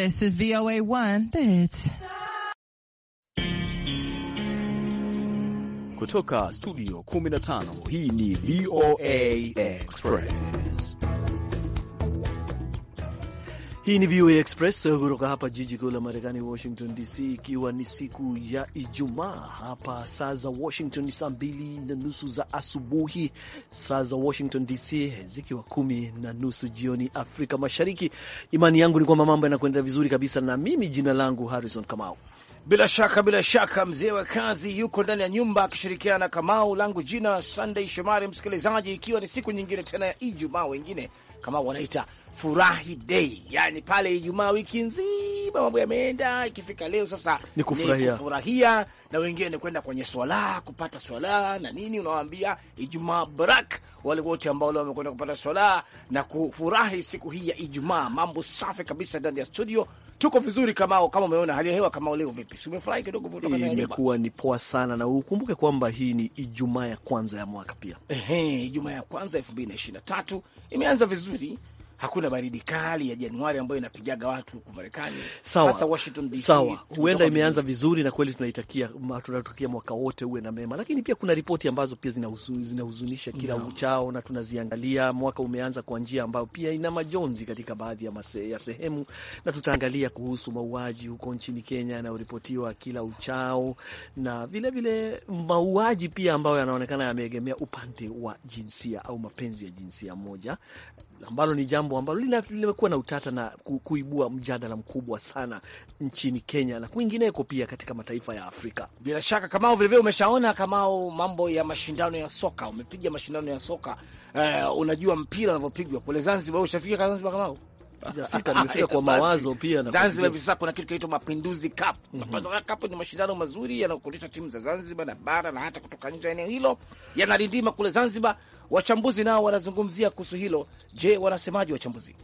This is VOA 1, Bits. Kutoka studio 15, hii ni VOA Express. Hii ni VOA Express eh, kutoka hapa jiji kuu la Marekani, Washington DC, ikiwa ni siku ya Ijumaa hapa saa za Washington ni saa mbili na nusu za asubuhi, saa za Washington DC eh, zikiwa kumi na nusu jioni Afrika Mashariki. Imani yangu ni kwamba mambo yanakwenda vizuri kabisa, na mimi jina langu Harrison Kamau. Bila shaka bila shaka, mzee wa kazi yuko ndani ya nyumba akishirikiana na Kamau. Langu jina Sunday Shomari. Msikilizaji, ikiwa ni siku nyingine tena ya Ijumaa, wengine Kamau wanaita furahi dei, yani pale Ijumaa wiki nzima mambo yameenda, ikifika leo sasa ni kufurahia, ni kufurahia na wengine kwenda kwenye swala kupata swala na nini, unawaambia Ijumaa barak wale wote ambao leo wamekwenda kupata swala na kufurahi siku hii ya Ijumaa. Mambo safi kabisa ndani ya studio tuko vizuri kama kama umeona hali ya hewa kama leo vipi? Si umefurahi kidogo kutoka ndani? Eh, imekuwa ni poa sana, na ukumbuke kwamba hii ni Ijumaa ya kwanza ya mwaka pia. Ehe, Ijumaa ya kwanza 2023 imeanza vizuri hakuna baridi kali ya Januari ambayo inapigaga watu huku Marekani, hasa Washington DC. Sawa, huenda imeanza vizuri na kweli tunaitakia, tunatakia mwaka wote uwe na mema, lakini pia kuna ripoti ambazo pia zinahuzunisha kila no. uchao na tunaziangalia. Mwaka umeanza kwa njia ambayo pia ina majonzi katika baadhi ya, mase, ya sehemu, na tutaangalia kuhusu mauaji huko nchini Kenya yanayoripotiwa kila uchao na vilevile mauaji pia ambayo yanaonekana yameegemea upande wa jinsia au mapenzi ya jinsia moja ambalo ni jambo ambalo limekuwa na utata na kuibua mjadala mkubwa sana nchini Kenya na kwingineko pia katika mataifa ya Afrika. Bila shaka Kamao, vilevile umeshaona Kamao, mambo ya mashindano ya soka, umepiga mashindano ya soka eh, unajua mpira unavyopigwa kule Zanzibar. Ushafika Zanzibar Kamao? kwa mawazo pia na Zanzibar. Hivi sasa kuna kitu kinaitwa Mapinduzi Cup. Mhm. Mapinduzi Cup ni mashindano mazuri yanayokutanisha timu za Zanzibar na bara na hata kutoka nje ya eneo hilo, yanarindima kule Zanzibar Wachambuzi nao wanazungumzia kuhusu hilo. Je, wanasemaje wachambuzi?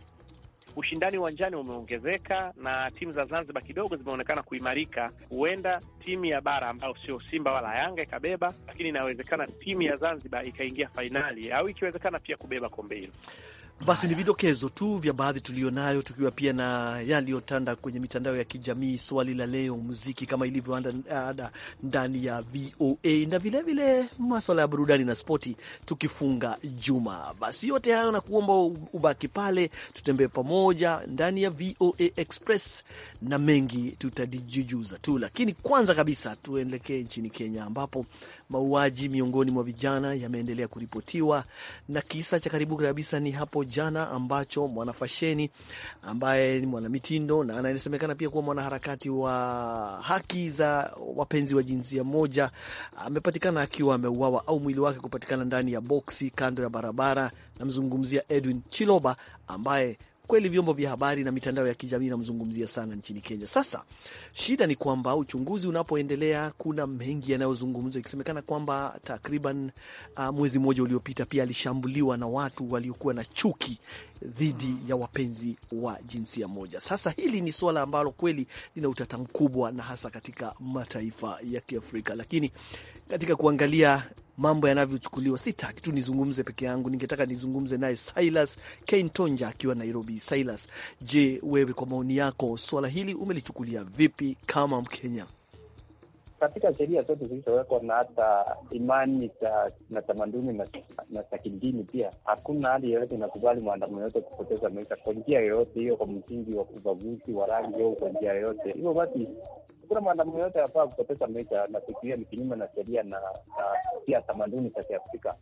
Ushindani uwanjani umeongezeka na timu za Zanzibar kidogo zimeonekana kuimarika. Huenda timu ya bara ambayo sio Simba wala Yanga ikabeba, lakini inawezekana timu ya Zanzibar ikaingia fainali au ikiwezekana pia kubeba kombe hilo. Basi ni vidokezo tu vya baadhi nayo, tukiwa pia na yaliyotanda kwenye mitandao ya kijamii, swali la leo, muziki kama ilivyoanda ndani ya VOA na vilevile maswala ya burudani na spoti, tukifunga juma. Basi yote hayo na kuomba ubaki pale, tutembee pamoja ndani ya VOA Express na mengi tutadijujuza tu, lakini kwanza kabisa tuelekee nchini Kenya ambapo mauaji miongoni mwa vijana yameendelea kuripotiwa na kisa cha karibu kabisa ni hapo jana ambacho mwanafasheni ambaye ni mwanamitindo na anasemekana pia kuwa mwanaharakati wa haki za wapenzi wa jinsia moja amepatikana akiwa ameuawa au mwili wake kupatikana ndani ya boksi kando ya barabara. Namzungumzia Edwin Chiloba ambaye kweli vyombo vya habari na mitandao ya kijamii inamzungumzia sana nchini Kenya. Sasa shida ni kwamba uchunguzi unapoendelea, kuna mengi yanayozungumzwa, ikisemekana kwamba takriban uh, mwezi mmoja uliopita pia alishambuliwa na watu waliokuwa na chuki dhidi ya wapenzi wa jinsia moja. Sasa hili ni suala ambalo kweli lina utata mkubwa, na hasa katika mataifa ya Kiafrika, lakini katika kuangalia mambo yanavyochukuliwa. Sitaki tu nizungumze peke yangu, ningetaka nizungumze naye Silas Kentonja akiwa Nairobi. Silas, je, wewe kwa maoni yako swala hili umelichukulia vipi kama Mkenya? Katika sheria zote zilizowekwa na hata imani na tamaduni na za kidini pia, hakuna hali yoyote inakubali mwandamo yoyote kupoteza maisha kwa njia yoyote hiyo, kwa msingi wa ubaguzi wa rangi au kwa njia yoyote. Hivyo basi Hakuna mwanadamu yoyote anafaa kupoteza maisha, nafikiria ni kinyume na sheria na pia tamaduni za Kiafrika.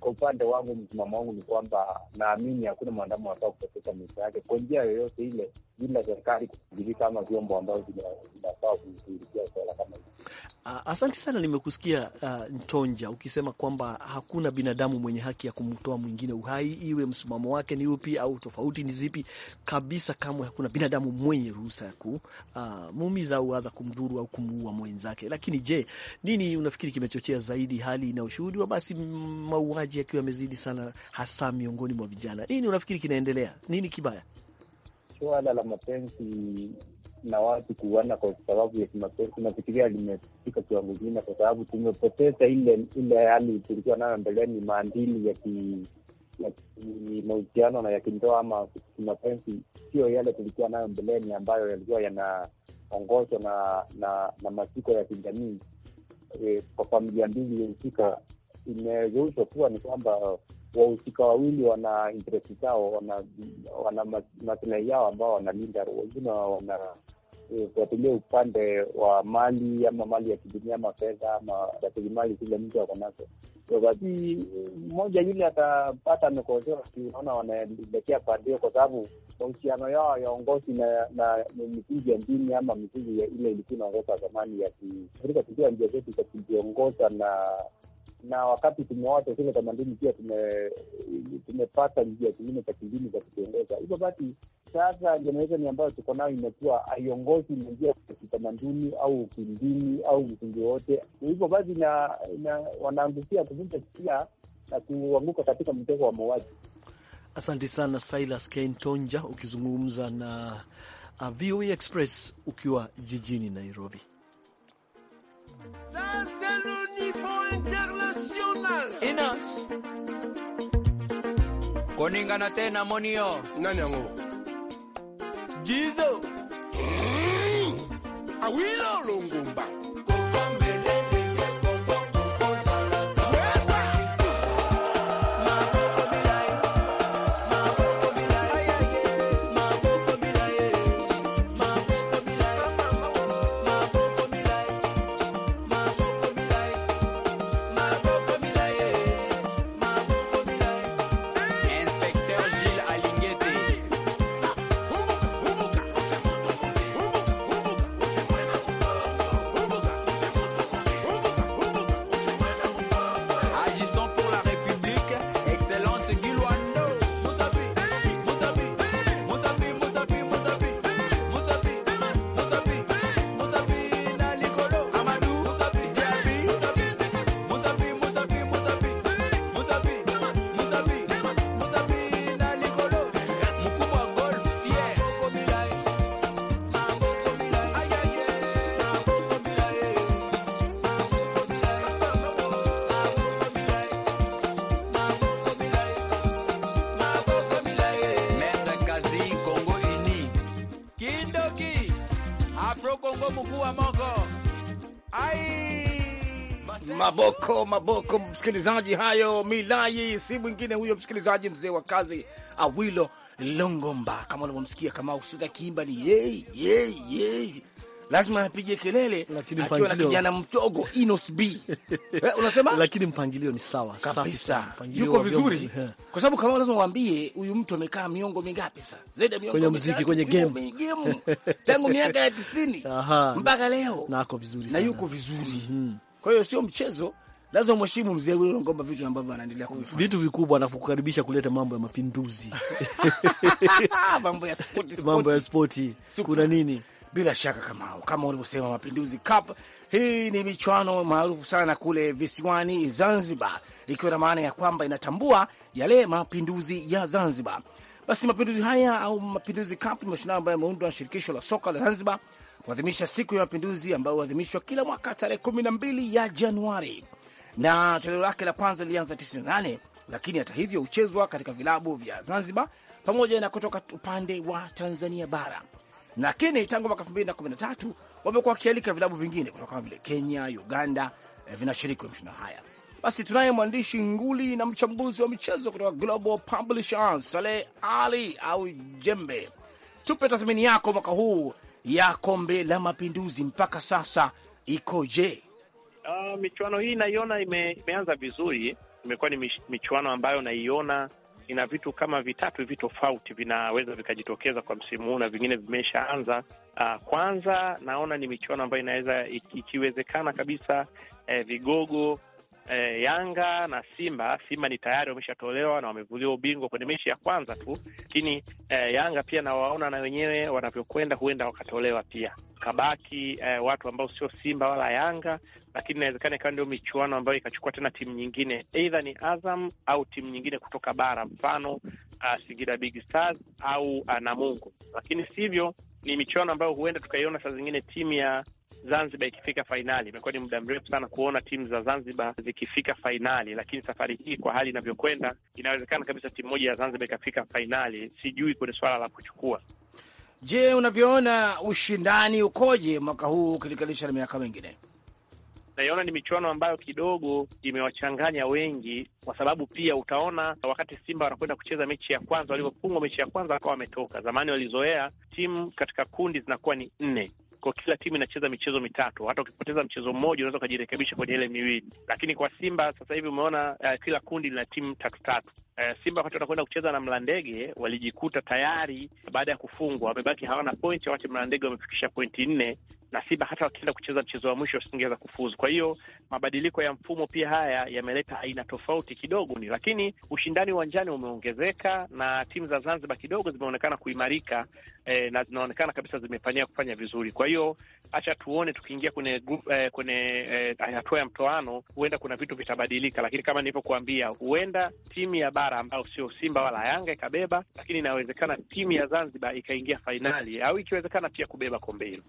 Kwa upande wangu, msimamo wangu ni kwamba naamini hakuna mwanadamu anafaa kupoteza maisha yake kwa njia yoyote ile, bila serikali kushugulika ama vyombo ambavyo vinafaa kushughulikia swala kama hili. Ah, asante sana, nimekusikia uh, Ntonja ukisema kwamba hakuna binadamu mwenye haki ya kumtoa mwingine uhai, iwe msimamo wake ni upi au tofauti ni zipi kabisa. Kamwe hakuna binadamu mwenye ruhusa ya kumuumiza ah, au kuweza kumdhuru au kumuua mwenzake. Lakini je, nini unafikiri kimechochea zaidi hali inayoshuhudiwa basi mauaji yakiwa yamezidi sana, hasa miongoni mwa vijana? Nini unafikiri kinaendelea? Nini kibaya? Suala la mapenzi na watu kuuana kwa sababu ya kimapenzi, nafikiria limefika kiwango kingine, kwa sababu tumepoteza ile ile hali tulikuwa nayo mbeleni, maandili ya ki ya kimahusiano na ya kindoa ama kimapenzi, sio yale tulikuwa nayo mbeleni ambayo yalikuwa yana ongozwa na na, na masiko ya kijamii e, kwa familia mbili iliyohusika, imegeuzwa kuwa ni kwamba wahusika wawili wana interesti zao, wana wana masilahi yao ambao wanalinda. Wengine wanafuatilia e, upande wa mali ama mali ya kidunia ama fedha ama rasilimali zile mtu ako nazo. Ndio basi, mmoja yule atapata amekosewa, tunaona wanaelekea pandio, kwa sababu mahusiano yao ya uongozi na na misingi ya dini ama misingi ile ilikuwa inaongoza zamani ya Afrika, tukiwa njia zetu za kujiongoza na na wakati tumewacha zile tamaduni, pia tumepata njia zingine za kidini za kutuongoza. Hivyo basi, sasa jeneresheni ambayo tuko nayo imekuwa haiongozi na njia za kitamaduni au kidini au msingi wote Hivyo basi, wanaangukia kuvunja sheria na kuanguka katika mtego wa mauaji. Asante sana Silas Kentonja ukizungumza na uh, VOA e Express ukiwa jijini Nairobi. normal in us. Koningana tena monio. Nani yangu? Jizo. Awilo longumba. Mwenyeji Afro Kongo mkuu wa Moko. Ai Maboko maboko, msikilizaji, hayo milai si mwingine huyo, msikilizaji, mzee wa kazi Awilo Longomba, kama unavyomsikia kama usuta kimba ni yeye yeye lazima apige kelele akiwa na kijana mdogo Inos B. Eh, unasema lakini mpangilio ni sawa kabisa, yuko vizuri, eh. kwa sababu kama lazima waambie huyu mtu amekaa miongo mingapi sasa, zaidi ya miongo kwenye muziki, kwenye game tangu miaka ya 90 mpaka leo, na ako vizuri na yuko vizuri. Mm-hmm. Kwa hiyo sio mchezo lazima mheshimu mzee huyo ngomba vitu ambavyo anaendelea kuvifanya vitu vikubwa, na kukaribisha kuleta mambo ya mapinduzi mambo ya spoti, mambo ya spoti. Kuna nini bila shaka Kamao, kama ulivyosema, Mapinduzi Cup hii ni michuano maarufu sana kule visiwani Zanzibar, ikiwa na maana ya kwamba inatambua yale mapinduzi ya Zanzibar. Basi mapinduzi haya au Mapinduzi Cup ni mashindano ambayo yameundwa na shirikisho la soka la Zanzibar kuadhimisha siku ya mapinduzi ambayo huadhimishwa kila mwaka tarehe kumi na mbili ya Januari, na toleo lake la kwanza lilianza 98 lakini hata hivyo huchezwa katika vilabu vya Zanzibar pamoja na kutoka upande wa Tanzania bara lakini tangu mwaka tatu wamekuwa wakialika vilabu vingine kutoka kama vile Kenya, Uganda eh, vinashiriki mashindano haya. Basi tunaye mwandishi nguli na mchambuzi wa michezo kutoka Global Publishers, Saleh Ali au Jembe, tupe tathmini yako mwaka huu ya kombe la mapinduzi mpaka sasa ikoje? Uh, michuano hii naiona ime, imeanza vizuri. Imekuwa ni michuano ambayo naiona ina vitu kama vitatu hivi tofauti vinaweza vikajitokeza kwa msimu huu na vingine vimeshaanza. Uh, kwanza naona ni michuano ambayo inaweza ikiwezekana kabisa, eh, vigogo eh, Yanga na Simba. Simba ni tayari wameshatolewa na wamevuliwa ubingwa kwenye mechi ya kwanza tu, lakini eh, Yanga pia nawaona na wenyewe wanavyokwenda, huenda wakatolewa pia kabaki eh, watu ambao sio Simba wala Yanga, lakini inawezekana ikawa ndio michuano ambayo ikachukua tena timu nyingine, eidha ni Azam au timu nyingine kutoka bara, mfano uh, Singida Big Stars au uh, Namungo. Lakini sivyo, ni michuano ambayo huenda tukaiona saa zingine timu ya Zanzibar ikifika fainali. Imekuwa ni muda mrefu sana kuona timu za Zanzibar zikifika fainali, lakini safari hii kwa hali inavyokwenda, inawezekana kabisa timu moja ya Zanzibar ikafika fainali, sijui kwenye swala la kuchukua Je, unavyoona ushindani ukoje mwaka huu ukilinganisha na miaka mingine? Naiona ni michuano ambayo kidogo imewachanganya wengi, kwa sababu pia utaona wakati Simba wanakwenda kucheza mechi ya kwanza, walivyofungwa mechi ya kwanza wakawa wametoka. Zamani walizoea timu katika kundi zinakuwa ni nne, kwa kila timu inacheza michezo mitatu, hata ukipoteza mchezo mmoja unaweza ukajirekebisha kwenye ile miwili. Lakini kwa Simba sasa hivi umeona, uh, kila kundi lina timu tatu tatu. Uh, Simba wakati wanakwenda kucheza na Mlandege walijikuta tayari baada ya kufungwa wamebaki hawana pointi, wakati Mlandege wamefikisha pointi nne na Simba hata wakienda kucheza mchezo wa mwisho wasingeweza kufuzu. Kwa hiyo mabadiliko ya mfumo pia haya yameleta aina tofauti kidogo ni, lakini ushindani uwanjani umeongezeka na timu za Zanzibar kidogo zimeonekana kuimarika eh, na zinaonekana kabisa zimepania kufanya vizuri. Kwa hiyo hacha tuone tukiingia kwenye eh, hatua eh, hatua ya mtoano, huenda kuna vitu vitabadilika, lakini kama nilivyokuambia, huenda timu ya bara ambayo sio Simba wala Yanga ikabeba, lakini inawezekana timu ya Zanzibar ikaingia fainali au ikiwezekana pia kubeba kombe hilo.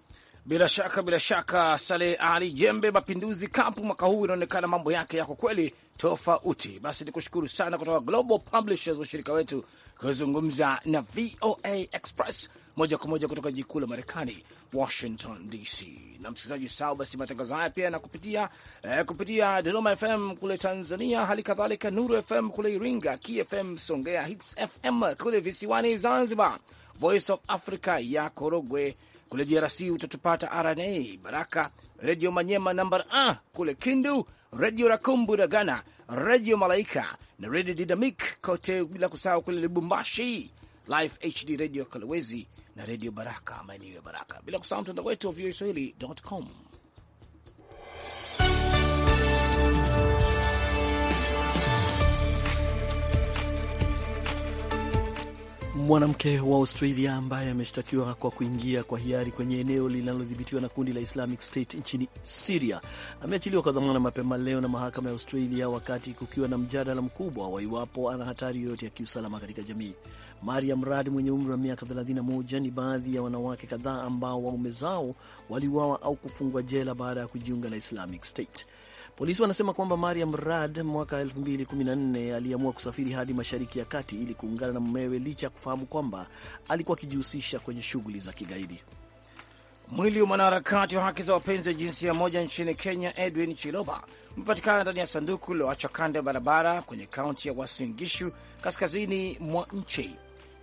Bila shaka bila shaka, Saleh Ali Jembe, Mapinduzi Kampu mwaka huu inaonekana mambo yake yako kweli tofauti. Basi ni kushukuru sana kutoka Global Publishers, washirika wetu, kuzungumza na VOA Express moja kwa moja kutoka jikuu la Marekani, Washington DC. Na msikilizaji, sawa basi, matangazo haya pia na kupitia eh, kupitia Dodoma FM kule Tanzania, hali kadhalika Nuru FM kule Iringa, KFM Songea, Hits FM kule visiwani Zanzibar, Voice of Africa ya Korogwe kule DRC utatupata RNA Baraka, Redio Manyema namba a kule Kindu, Redio Rakumbu Ghana, Redio Malaika na Redio Didamik kote, bila kusahau kule Lubumbashi, Live HD Redio Kalowezi na Redio Baraka, maeneo ya Baraka, bila kusahau mtandao wetu wa voaswahili.com. Mwanamke wa Australia ambaye ameshtakiwa kwa kuingia kwa hiari kwenye eneo linalodhibitiwa na kundi la Islamic State nchini Siria ameachiliwa kwa dhamana mapema leo na mahakama ya Australia, wakati kukiwa na mjadala mkubwa wa iwapo ana hatari yoyote ya kiusalama katika jamii. Mariam Rad mwenye umri wa miaka 31 ni baadhi ya wanawake kadhaa ambao waume zao waliuawa au kufungwa jela baada ya kujiunga na Islamic State. Polisi wanasema kwamba Mariam Rad mwaka 2014 aliamua kusafiri hadi Mashariki ya Kati ili kuungana na mumewe licha ya kufahamu kwamba alikuwa akijihusisha kwenye shughuli za kigaidi. Mwili wa mwanaharakati wa haki za wapenzi wa jinsia moja nchini Kenya, Edwin Chiloba, umepatikana ndani ya sanduku liloachwa kando ya barabara kwenye kaunti ya Wasingishu, kaskazini mwa nchi.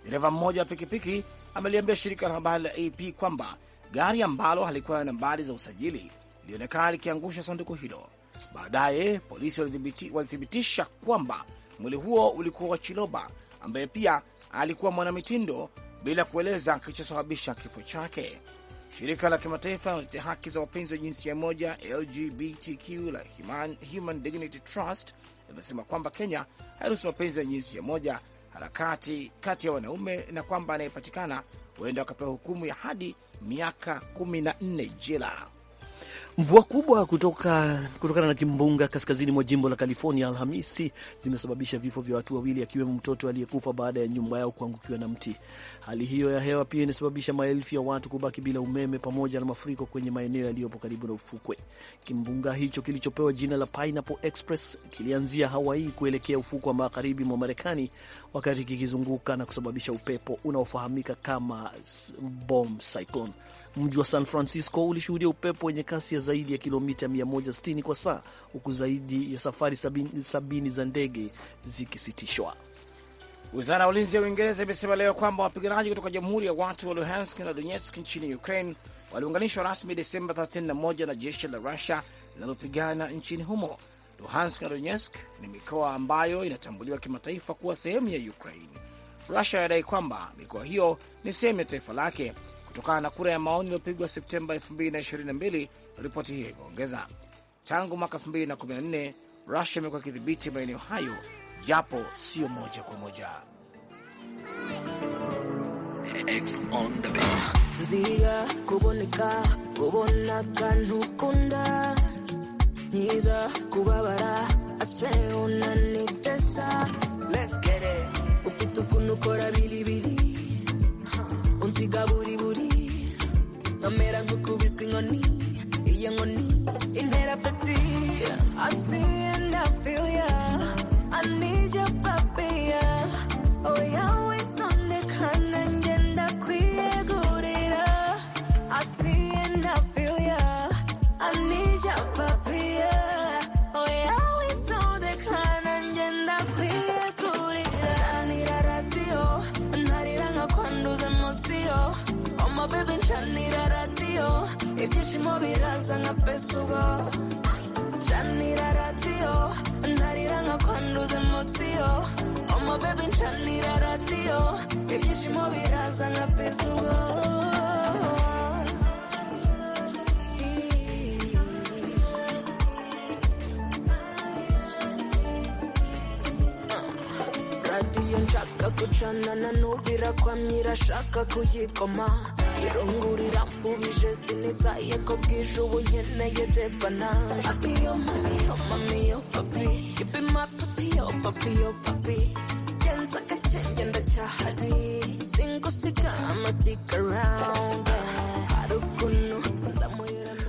Dereva mmoja wa pikipiki ameliambia shirika la habari la AP kwamba gari ambalo halikuwa na nambari za usajili lilionekana likiangusha sanduku hilo. Baadaye polisi walithibitisha kwamba mwili huo ulikuwa wa Chiloba ambaye pia alikuwa mwanamitindo, bila kueleza kilichosababisha kifo chake. Shirika la kimataifa la haki za wapenzi wa jinsia moja LGBTQ la Human, Human Dignity Trust limesema kwamba Kenya hairuhusu mapenzi ya jinsia moja harakati kati ya wanaume na kwamba anayepatikana huenda wakapewa hukumu ya hadi miaka 14 jela. Mvua kubwa kutoka, kutokana na kimbunga kaskazini mwa jimbo la California Alhamisi zimesababisha vifo vya watu wawili akiwemo mtoto aliyekufa baada ya nyumba yao kuangukiwa na mti. Hali hiyo ya hewa pia inasababisha maelfu ya watu kubaki bila umeme pamoja na mafuriko kwenye maeneo yaliyopo karibu na ufukwe. Kimbunga hicho kilichopewa jina la Pineapple Express kilianzia Hawaii kuelekea ufukwe wa magharibi mwa Marekani wakati kikizunguka na kusababisha upepo unaofahamika kama bomb cyclone. Mji wa San Francisco ulishuhudia upepo wenye kasi ya zaidi ya kilomita 160 kwa saa, huku zaidi ya safari 70 za ndege zikisitishwa. Wizara ya ulinzi ya Uingereza imesema leo kwamba wapiganaji kutoka Jamhuri ya Watu wa Luhansk na Donetsk nchini Ukraine waliunganishwa rasmi Desemba 31 na jeshi la Rusia linalopigana nchini humo. Luhansk na Donetsk ni mikoa ambayo inatambuliwa kimataifa kuwa sehemu ya Ukraine. Rusia yadai kwamba mikoa hiyo ni sehemu ya taifa lake kutokana na kura ya maoni iliyopigwa Septemba 2022. Ripoti hiyo imeongeza, tangu mwaka 2014 Rusia imekuwa ikidhibiti maeneo hayo japo sio moja kwa moja. buriburi inkoni iyo nkoni intera peti I see and I feel ya I need you oh, baby ya I see neza nka pesa ubwo ncanira radiyo ntarira nka kwanduza emosiyo omo bebi ncanira radiyo ibyishimo biraza nka pesa ubwo radiyo nshaka gucanana n'ubirakwamye irashaka kuyikoma kirongorera mpubije sinitaye ko bwije ubu nkeneye debana papi yo mami yo mami papi give me my papi yo papi yo papi genza gake genda cyahari singusiga must stick around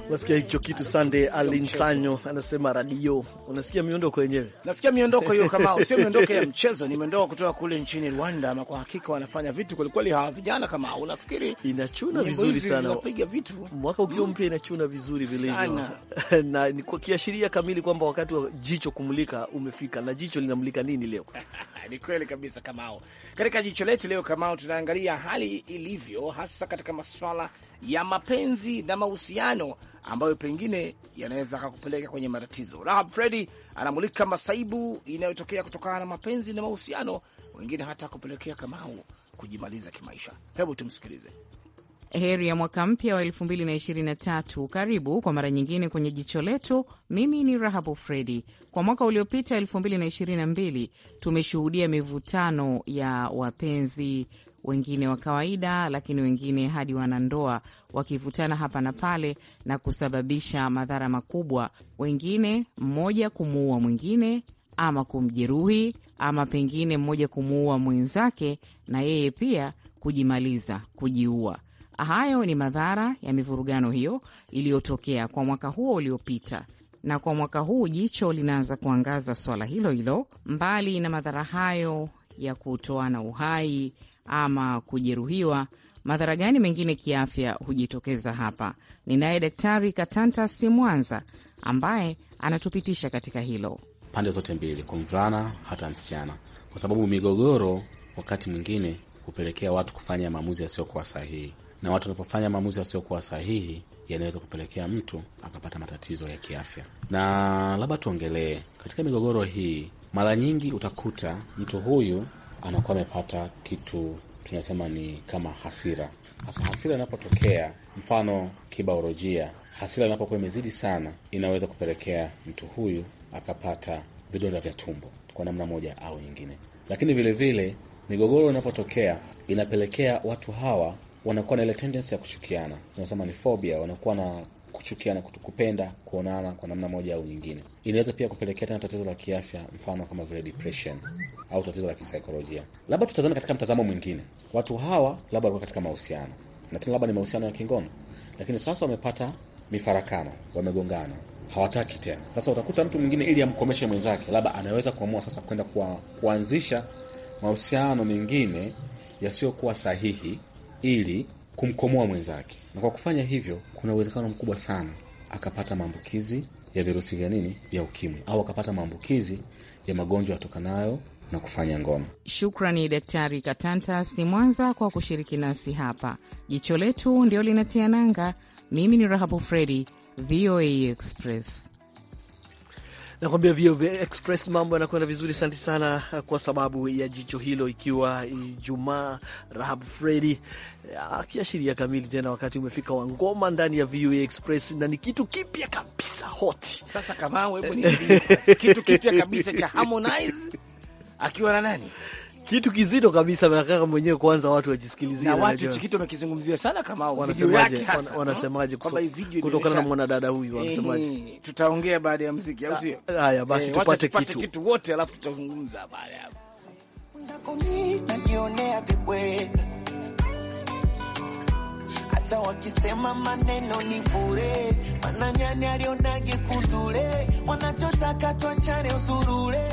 Unasikia hicho kitu Sande Alinsanyo anasema radio. Unasikia miondoko yenyewe? Nasikia miondoko hiyo kama sio miondoko ya mchezo, ni miondoko kutoka kule nchini Rwanda, ama kwa hakika wanafanya vitu kwelikweli hawa vijana kama unafikiri. Inachuna vizuri sana. Wanapiga vitu. Mwaka ukiwa mpya mm, inachuna vizuri vilivyo. Na ni kwa kiashiria kamili kwamba wakati wa jicho kumulika umefika. Na jicho linamulika nini leo? Ni kweli kabisa kamao, Katika jicho letu leo kamao, tunaangalia hali ilivyo hasa katika maswala ya mapenzi na mahusiano ambayo pengine yanaweza akakupeleka kwenye matatizo. Rahab Fredi anamulika masaibu inayotokea kutokana na mapenzi na mahusiano, wengine hata kupelekea Kamau kujimaliza kimaisha. Hebu tumsikilize. Heri ya mwaka mpya wa 2023. Karibu kwa mara nyingine kwenye jicho letu. Mimi ni Rahabu Fredi. Kwa mwaka uliopita 222 tumeshuhudia mivutano ya wapenzi wengine wa kawaida, lakini wengine hadi wanandoa, wakivutana hapa na pale na kusababisha madhara makubwa, wengine mmoja kumuua mwingine ama kumjeruhi ama pengine mmoja kumuua mwenzake na yeye pia kujimaliza, kujiua. Hayo ni madhara ya mivurugano hiyo iliyotokea kwa mwaka huo uliopita, na kwa mwaka huu jicho linaanza kuangaza swala hilo hilo, mbali na madhara hayo ya kutoana uhai ama kujeruhiwa, madhara gani mengine kiafya hujitokeza hapa? Ninaye Daktari Katanta Simwanza ambaye anatupitisha katika hilo, pande zote mbili, kwa mvulana hata msichana, kwa sababu migogoro wakati mwingine hupelekea watu kufanya maamuzi yasiyokuwa sahihi, na watu wanapofanya maamuzi yasiyokuwa sahihi yanaweza kupelekea mtu akapata matatizo ya kiafya. Na labda tuongelee katika migogoro hii, mara nyingi utakuta mtu huyu anakuwa amepata kitu tunasema ni kama hasira. Sasa hasira inapotokea, mfano kibaolojia, hasira inapokuwa imezidi sana, inaweza kupelekea mtu huyu akapata vidonda vya tumbo kwa namna moja au nyingine. Lakini vilevile migogoro inapotokea, inapelekea watu hawa wanakuwa na ile tendensi ya kuchukiana, tunasema ni fobia, wanakuwa na kuchukia na kupenda kuonana kwa namna moja au nyingine. Inaweza pia kupelekea tena tatizo la kiafya, mfano kama vile depression au tatizo la kisaikolojia. Labda tutazame katika mtazamo mwingine, watu hawa labda walikuwa katika mahusiano na tena labda ni mahusiano ya kingono, lakini sasa wamepata mifarakano, wamegongana, hawataki tena. Sasa utakuta mtu mwingine, ili amkomeshe mwenzake, labda anaweza kuamua sasa kwenda kuanzisha mahusiano mengine yasiyokuwa sahihi ili kumkomoa mwenzake na kwa kufanya hivyo, kuna uwezekano mkubwa sana akapata maambukizi ya virusi vya nini vya ukimwi au akapata maambukizi ya magonjwa yatokanayo na kufanya ngono. Shukrani Daktari Katanta si Mwanza kwa kushiriki nasi hapa. Jicho letu ndio linatia nanga. Mimi ni Rahabu Fredi, VOA Express. Nakwambia VOA Express mambo yanakwenda vizuri. Asante sana eh, kwa sababu ya jicho hilo, ikiwa Ijumaa. Rahab Fredi eh, akiashiria kamili, tena wakati umefika wa ngoma ndani ya VOA Express, na ni kitu kipya kabisa hot. Sasa kama wewe ni kitu kipya kabisa cha Harmonize akiwa na nani kitu kizito kabisa, nataka mwenyewe kwanza watu wajisikilizie. Na watu hichi kitu wamekizungumzia sana, kama wanasemaje, yake hasa hmm? wanasemaje, kutokana na mwanadada huyu wanasemaje? Tutaongea baada ya muziki, au sio? Ah, haya basi, eh, tupate kitu kitu wote, alafu tutazungumza habari hapo. Hata wakisema maneno ni bure, mananyani alionage kundule, wanachotaka tuachane usurure,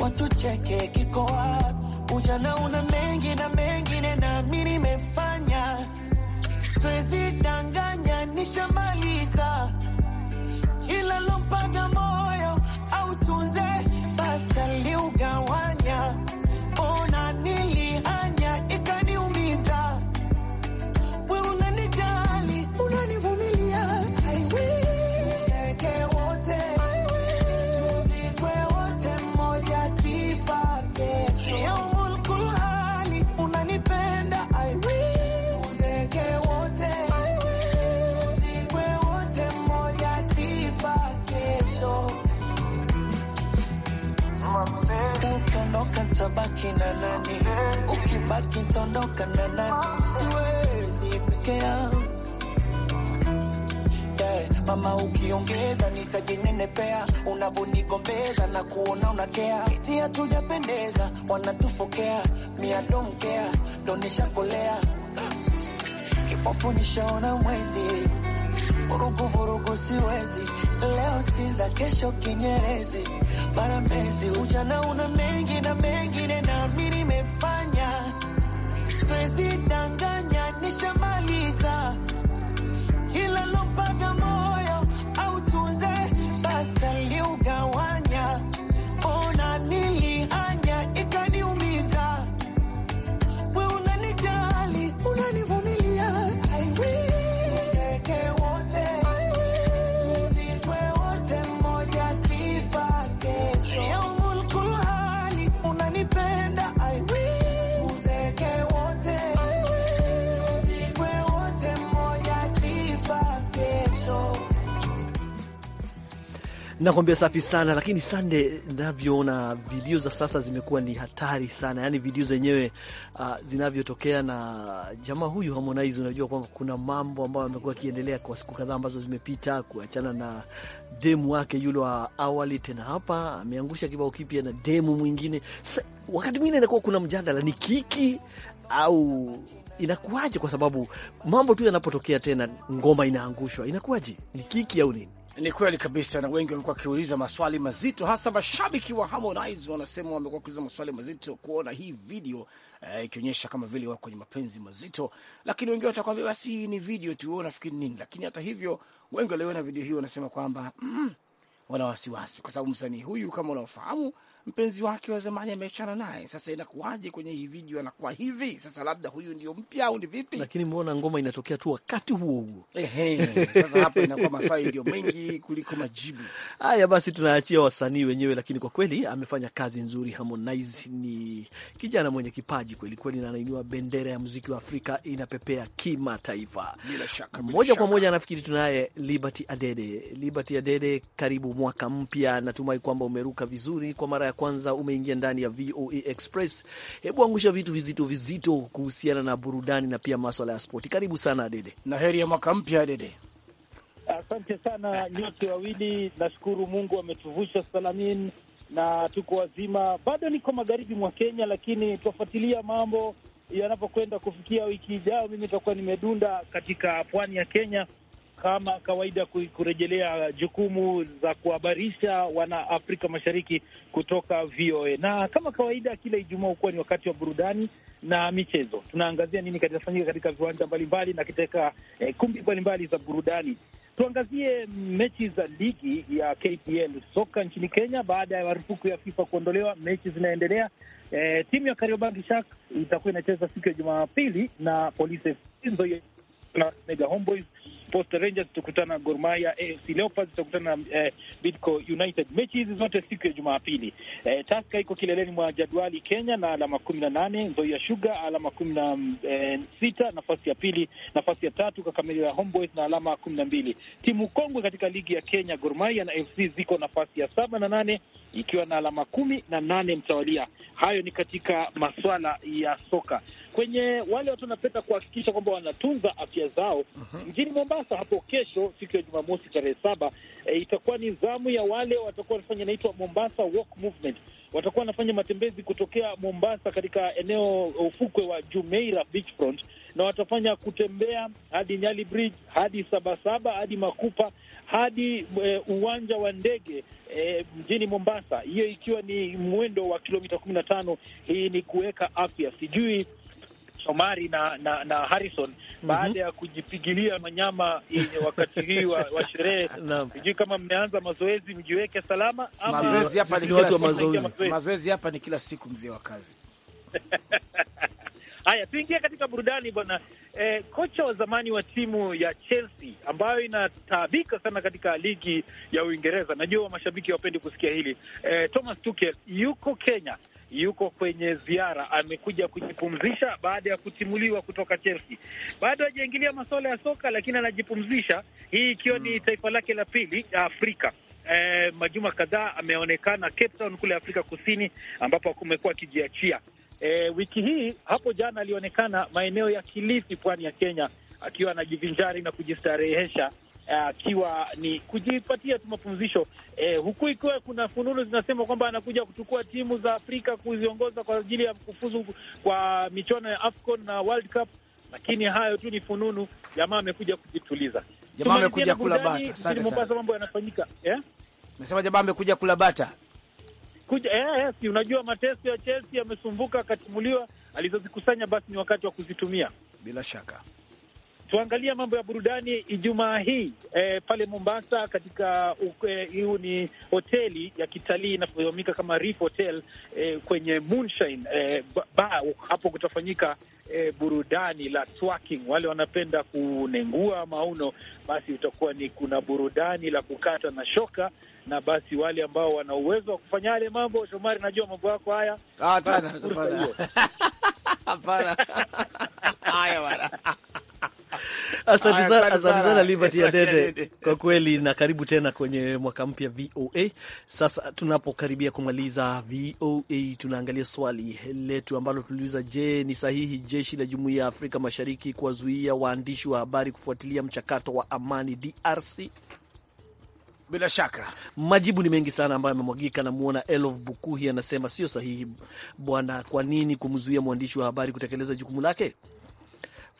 watucheke kikoa Ujana una mengi na mengine, mi nimefanya, siwezi danganya, nishamaliza, ila lompaga moyo au tunze basaliu Ukiondoka tabaki na nani? Ukibaki tondoka na nani? Siwezi peke yangu yeah. Mama ukiongeza nitajinenepea, unavonigombeza na kuona unakea, eti hatujapendeza wanatufokea, mia don't care, donishakolea kipofu nishaona mwezi vurugu vurugu, siwezi leo sinza, kesho Kinyerezi Baramezi, ujana una mengi na mengine, nami nimefanya, siwezi danganya, ni Nakwambia safi sana, lakini Sande, navyoona video za sasa zimekuwa ni hatari sana, yaani video zenyewe uh, zinavyotokea na jamaa huyu Harmonize. Unajua kwamba kuna mambo ambayo amekuwa akiendelea kwa siku kadhaa ambazo zimepita, kuachana na demu wake yule wa awali, tena hapa ameangusha kibao kipya na demu mwingine. Wakati mwingine inakuwa kuna mjadala, ni kiki au inakuwaje? Kwa sababu mambo tu yanapotokea tena, ngoma inaangushwa, inakuwaje? Ni kiki au nini? Ni kweli kabisa, na wengi wamekuwa wakiuliza maswali mazito, hasa mashabiki wa Harmonize wanasema wamekuwa wakiuliza maswali mazito kuona hii video eh, ikionyesha kama vile wako kwenye mapenzi mazito, lakini wengi watakwambia basi hii ni video tu, nafikiri nini. Lakini hata hivyo wengi walioona video hii wanasema kwamba mm, wana wasiwasi kwa sababu msanii huyu kama unaofahamu mpenzi wake wa zamani ameachana naye. Sasa inakuwaje kwenye hii video anakuwa hivi? Sasa labda huyu ndio mpya au ni vipi? Lakini muona ngoma inatokea tu wakati huo huo. Ehe, sasa hapo inakuwa maswali ndio mengi kuliko majibu. Haya basi, tunaachia wasanii wenyewe, lakini kwa kweli amefanya kazi nzuri. Harmonize ni kijana mwenye kipaji kweli kweli, na anainua bendera ya muziki wa Afrika inapepea kimataifa. Bila shaka, bila moja kwa moja nafikiri tunaye Liberty Adede. Liberty Adede, karibu mwaka mpya, natumai kwamba umeruka vizuri kwa mara ya kwanza umeingia ndani ya VOA Express. Hebu angusha vitu vizito vizito kuhusiana na burudani na pia maswala ya spoti. Karibu sana Dede na heri ya mwaka mpya Dede. Asante sana nyote wawili, nashukuru Mungu ametuvusha salamin na tuko wazima. Bado niko magharibi mwa Kenya, lakini twafuatilia mambo yanapokwenda kufikia wiki ijayo. Mimi nitakuwa nimedunda katika pwani ya Kenya kama kawaida kurejelea jukumu za kuhabarisha wana Afrika Mashariki kutoka VOA, na kama kawaida kila Ijumaa hukuwa ni wakati wa burudani na michezo. Tunaangazia nini kitafanyika katika viwanja mbalimbali na katika eh, kumbi mbalimbali za burudani. Tuangazie mechi za ligi ya KPL soka nchini Kenya. Baada ya marufuku ya FIFA kuondolewa, mechi zinaendelea. E, timu ya Kariobangi itakuwa inacheza siku ya Jumapili na Polisi FC Mega Homeboys Posta Rangers tutakutana na Gor Mahia, AFC Leopards tutakutana na eh, Bidco United. Mechi hizi zote siku ya Jumapili. Eh, Tusker iko kileleni mwa jadwali Kenya na alama kumi na nane, Nzoia Sugar alama kumi na eh, sita, nafasi ya pili. Nafasi ya tatu Kakamega Homeboys na alama kumi na mbili. Timu kongwe katika ligi ya Kenya, Gor Mahia na AFC ziko nafasi ya saba na nane ikiwa na alama kumi na nane mtawalia. Hayo ni katika maswala ya soka. Kwenye wale watu wanapenda kuhakikisha kwamba wanatunza afya zao uh -huh. mjini Mombasa sasa hapo kesho, siku ya Jumamosi tarehe saba, e, itakuwa ni zamu ya wale watakuwa wanafanya inaitwa Mombasa Walk Movement. Watakuwa wanafanya matembezi kutokea Mombasa katika eneo ufukwe wa Jumeira Beachfront, na watafanya kutembea hadi Nyali Bridge hadi Sabasaba hadi Makupa hadi e, uwanja wa ndege e, mjini Mombasa, hiyo ikiwa ni mwendo wa kilomita kumi na tano. Hii ni kuweka afya sijui Shomari na na, na Harrison mhm. baada mm -hmm. ya kujipigilia manyama yenye wakati hii wa, wa sherehe sijui kama mmeanza mazoezi mjiweke salama ama mazoezi hapa ni kila siku mzee wa kazi Haya, tuingie katika burudani bwana. Eh, kocha wa zamani wa timu ya Chelsea ambayo inataabika sana katika ligi ya Uingereza, najua mashabiki wapendi kusikia hili eh, Thomas Tuchel yuko Kenya, yuko kwenye ziara, amekuja kujipumzisha baada ya kutimuliwa kutoka Chelsea. Bado hajaingilia masuala ya soka, lakini anajipumzisha, hii ikiwa ni hmm. taifa lake la pili Afrika. E, majuma kadhaa ameonekana Cape Town kule Afrika Kusini ambapo amekuwa akijiachia E, wiki hii hapo jana alionekana maeneo ya Kilifi, pwani ya Kenya, akiwa anajivinjari na kujistarehesha e, akiwa ni kujipatia tu mapumzisho e, huku ikiwa kuna fununu zinasema kwamba anakuja kuchukua timu za Afrika kuziongoza kwa ajili ya kufuzu kwa michuano ya AFCON na World Cup, lakini hayo tu ni fununu. Jamaa amekuja kujituliza, jamaa amekuja kula bata. Asante sana. mambo yanafanyika, yeah? Nasema jamaa amekuja kula bata kuja eh, eh, si unajua mateso ya Chelsea yamesumbuka, akatimuliwa, alizozikusanya basi ni wakati wa kuzitumia bila shaka. Tuangalia mambo ya burudani Ijumaa hii e, pale Mombasa katika eh, hiyo ni hoteli ya kitalii inafahamika kama Reef Hotel e, kwenye Moonshine e, ba hapo kutafanyika e, burudani la twerking. Wale wanapenda kunengua mauno, basi utakuwa ni kuna burudani la kukata na shoka, na basi wale ambao wana uwezo wa kufanya yale mambo. Shomari, najua mambo yako haya. Ah, tana, Haya bana. Asante sana, asante sana Liberty Adede kwa kweli, na karibu tena kwenye mwaka mpya VOA. Sasa tunapokaribia kumaliza VOA, tunaangalia swali letu ambalo tuliuliza: Je, ni sahihi jeshi la Jumuiya ya Afrika Mashariki kuwazuia waandishi wa habari kufuatilia mchakato wa amani DRC? Bila shaka majibu ni mengi sana ambayo yamemwagika. Namwona Elof Bukuhi anasema sio sahihi bwana. Kwa nini kumzuia mwandishi wa habari kutekeleza jukumu lake?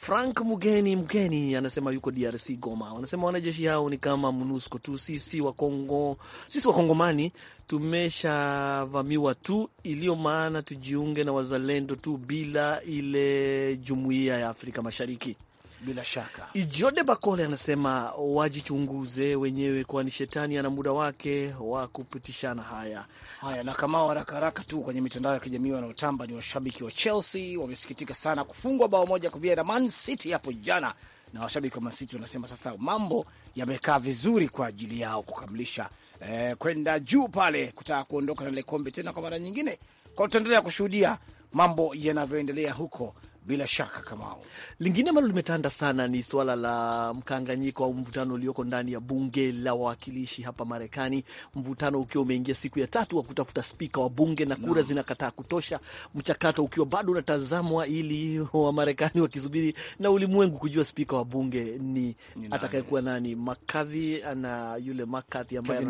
Frank Mugeni Mgeni anasema yuko DRC Goma. Wanasema wanajeshi hao ni kama MONUSCO tu, sisi wa Kongo, sisi Wakongomani tumeshavamiwa tu, iliyo maana tujiunge na wazalendo tu bila ile jumuiya ya Afrika Mashariki. Bila shaka Ijode Bakole anasema wajichunguze wenyewe, kwani shetani ana muda wake wa kupitishana haya haya. Na kama haraka haraka tu kwenye mitandao ya kijamii wanaotamba ni washabiki wa Chelsea, wamesikitika sana kufungwa bao moja kwa bila na Man City hapo jana, na washabiki wa Man City wanasema sasa mambo yamekaa vizuri kwa ajili yao kukamilisha eh, kwenda juu pale, kutaka kuondoka na ile kombe tena kwa mara nyingine, kwa tutaendelea kushuhudia mambo yanavyoendelea huko bila shaka Kamao, lingine ambalo limetanda sana ni suala la mkanganyiko au mvutano ulioko ndani ya bunge la wawakilishi hapa Marekani, mvutano ukiwa umeingia siku ya tatu wa kutafuta spika wa bunge na kura no. zinakataa kutosha, mchakato ukiwa bado unatazamwa ili Wamarekani wakisubiri na ulimwengu kujua spika wa bunge ni atakayekuwa nani. Makadhi na yule Makadhi ambaye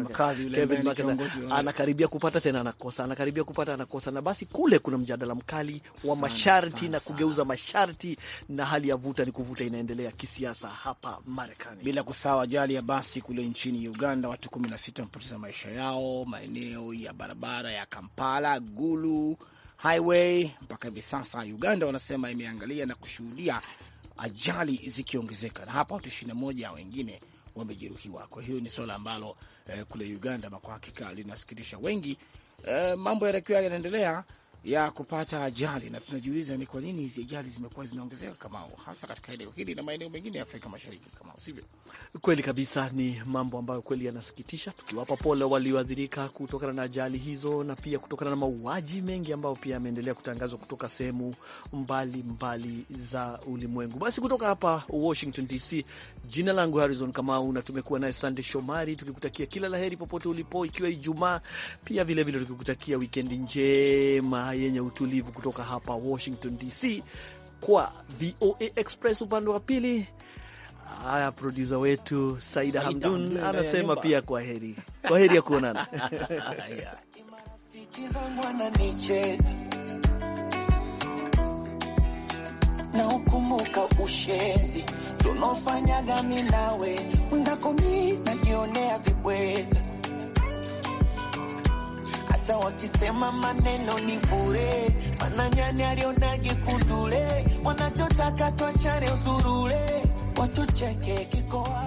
anakaribia kupata tena, anakosa, anakaribia kupata, anakosa, na basi kule kuna mjadala mkali wa masharti na kugeuza masharti na hali ya vuta ni kuvuta inaendelea kisiasa hapa Marekani, bila kusahau ajali ya basi kule nchini Uganda, watu sita wamepoteza maisha yao maeneo ya barabara ya Kampala Gulu highway mpaka hivi sasa Uganda wanasema imeangalia na kushuhudia ajali zikiongezeka, na hapa watu moja wengine wamejeruhiwa. Kwa hiyo ni suala ambalo eh, kule Uganda kwa hakika linasikitisha wengi. Eh, mambo yatakiwa yanaendelea ya kupata ajali, na tunajiuliza ni kwa nini hizi ajali zimekuwa zinaongezeka kama hasa katika eneo hili na maeneo mengine ya Afrika Mashariki. kama sivyo? Kweli kabisa, ni mambo ambayo kweli yanasikitisha, tukiwapa pole walioathirika kutokana na ajali hizo na pia kutokana na mauaji mengi ambayo pia yameendelea kutangazwa kutoka sehemu mbalimbali za ulimwengu. Basi kutoka hapa Washington DC, jina langu Harrison Kamau na tumekuwa naye Sande Shomari, tukikutakia kila laheri popote ulipo, ikiwa Ijumaa pia vilevile, tukikutakia wikendi njema yenye utulivu kutoka hapa Washington DC kwa VOA Express. Upande wa pili, haya produsa wetu Saida Hamdun anasema pia kwa heri, kwa heri ya kuonana na ukumbuka mi nawe mi najionea hata wakisema maneno ni bure, mana nyani aliona jikundule, wanachotaka tuachane usurule, watucheke kikoa